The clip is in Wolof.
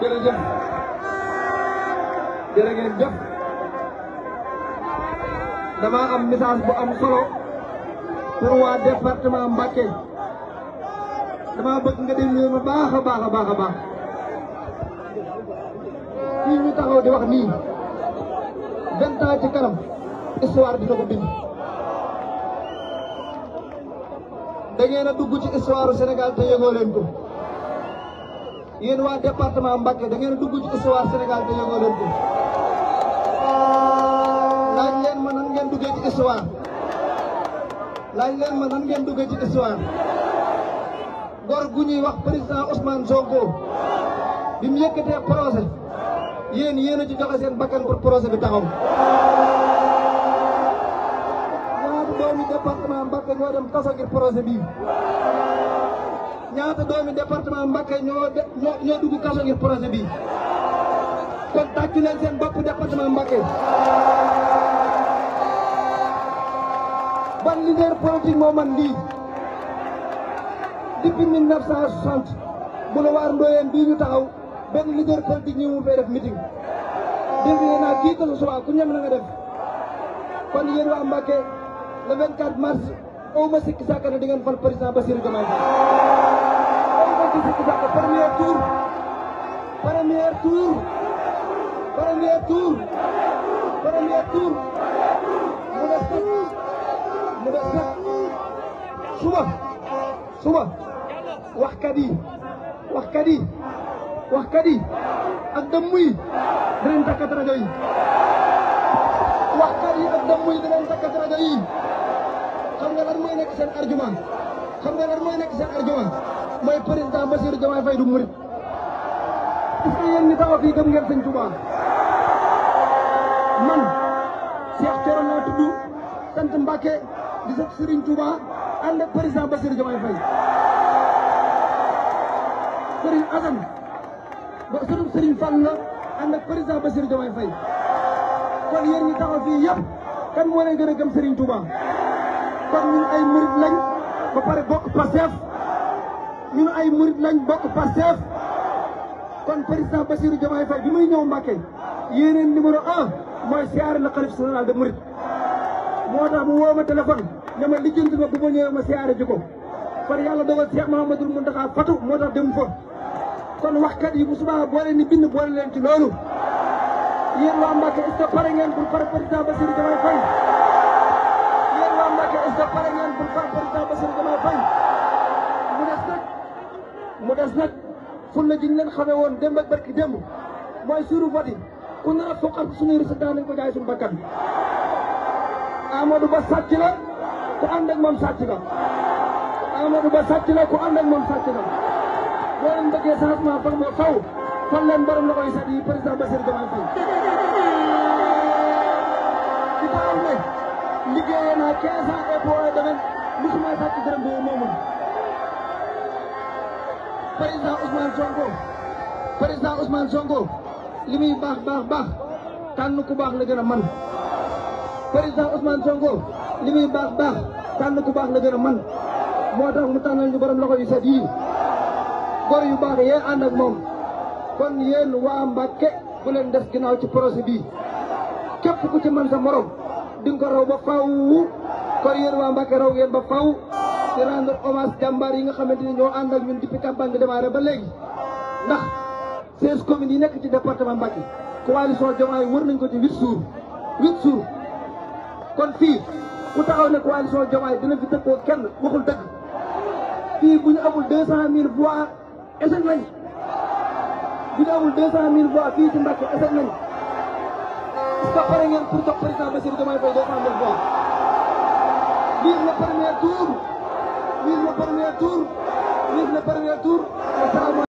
jërëjëf jërë ngeen jëf dama am message bu am solo pour waa département Mbacké dama bëgg nga déglu ma baax a baax a baax a baax fii ñu taxaw di wax nii vingt ci kanam histoire dina ko bind da a dugg ci histoire Sénégal te yëgoo leen ko yéen waa département Mbacké da ngeen dugg ci histoire Sénégal te yëgoo leen ko laaj leen ma nan ngeen duggee ci histoire leen ma ci histoire gor gu ñuy wax président Ousmane Sonko bi mu yëkkatee projet yéen yéen a ci joxe seen bakkan pour projet bi taxaw. ñaari doomi département Mbacké ñoo dem kaso ngir projet bii. ñaata doomi département Mbacké ñoo ñoo dugg kaso ngir projet bi kon tàccu leen seen bopp département Mbacké ban leader politique moo man lii depuis 1960 boulevard Ndoyeen bii ñu taxaw benn leader politique ñi mu fay def meeting dégg naa kii tasu suba ku ñem na nga def kon yéen waa Mbacké mars au sikki sàkk na di ngeen fal président Bassirou Diomaye Diatta premier tour premier tour premier tour premier tour mu des nag mu des nag suba suba waxkat yi waxkat yi waxkat yi ak dëmm yi dinañ takkat rajo yi waxkat yi ak dëmm yi dinañ takkat rajo yi xam nga lan mooy nekk seen argument xam nga lan mooy nekk seen argument mooy président Bassirou Diomaye Faye du murit est-ce que yéen ñi taxaw fii gëm ngeen sëñ Touba man Cheikh Thioro laa tudd sant Mbacke ànd ak président Bassirou Diomaye Faye Serigne Assane ba sëriñ Serigne Fall la ànd ak président Bassirou Diomaye Faye kon yéen ñi taxaw fii yëpp kan moo leen gën a gëm Serigne Touba kon ñun ay murit lañ ba pare bokk Pastef ñun ay murit lañ bokk Pastef kon président Bassirou Diomaye Faye bi muy ñëw Mbacké yéeneen numéro un mooy siyaare la xalif général de murit moo tax mu woo ma téléphone ne ma lijjanti ma bu ma ñëwee ma siyaare ji far yàlla dogal Cheikh Mouhamadoul Mountakha fatu moo tax dem fa kon waxkat yi bu subaa boole ni bind boole leen ci loolu yéen waa Mbacké est-ce que pare ngeen pour pare président mu des nag na jiñ leen xamee woon démb ak barki démb mooy suuru bati ku nar a foqal suñuy résultat nañ ko jaay suñu bakkan Ba sàcc la ku ànd ak moom sàcc la Amadou Ba sàcc la ku ànd ak moom sàcc la boo leen bëggee changement far moo faw fan leen borom la koy sat yi président Bassirou Diomaye Faye di taxaw ne liggéeyee naa quinze ans et pour le domaine musuma sàcc dërëm bi moomul président Ousmane Sonko président Ousmane Sonko li muy baax baax baax tànn ku baax la gën a man président li muy baax baax tànn ku baax la gën a man moo tax mu tànnal ñu borom loxo yu set yii góor yu baax yéen ànd ak moom kon yéen waa Mbàkke bu leen des ginnaaw ci projet bii képp ku ci man sa morom di ko raw ba faw kon yéen waa Mbàkke raw ngeen ba faw di rendre hommage jàmbaar yi nga xamante ni ñoo ànd ak ñun depuis campagne bi démarré ba léegi ndax seize communes yi nekk ci département Mbacké coalition Diomaye wër nañ ko ci huit jours huit kon fii ku taxaw ne coalition Diomaye dina fi tëkkoo kenn waxul dëgg fii bu ñu amul deux cent mille voix échec nañ bu ñu amul deux cent mille voix fii ci Mbacké échec nañ parce que pare ngeen pour jox président premier tour. Vive le premier tour.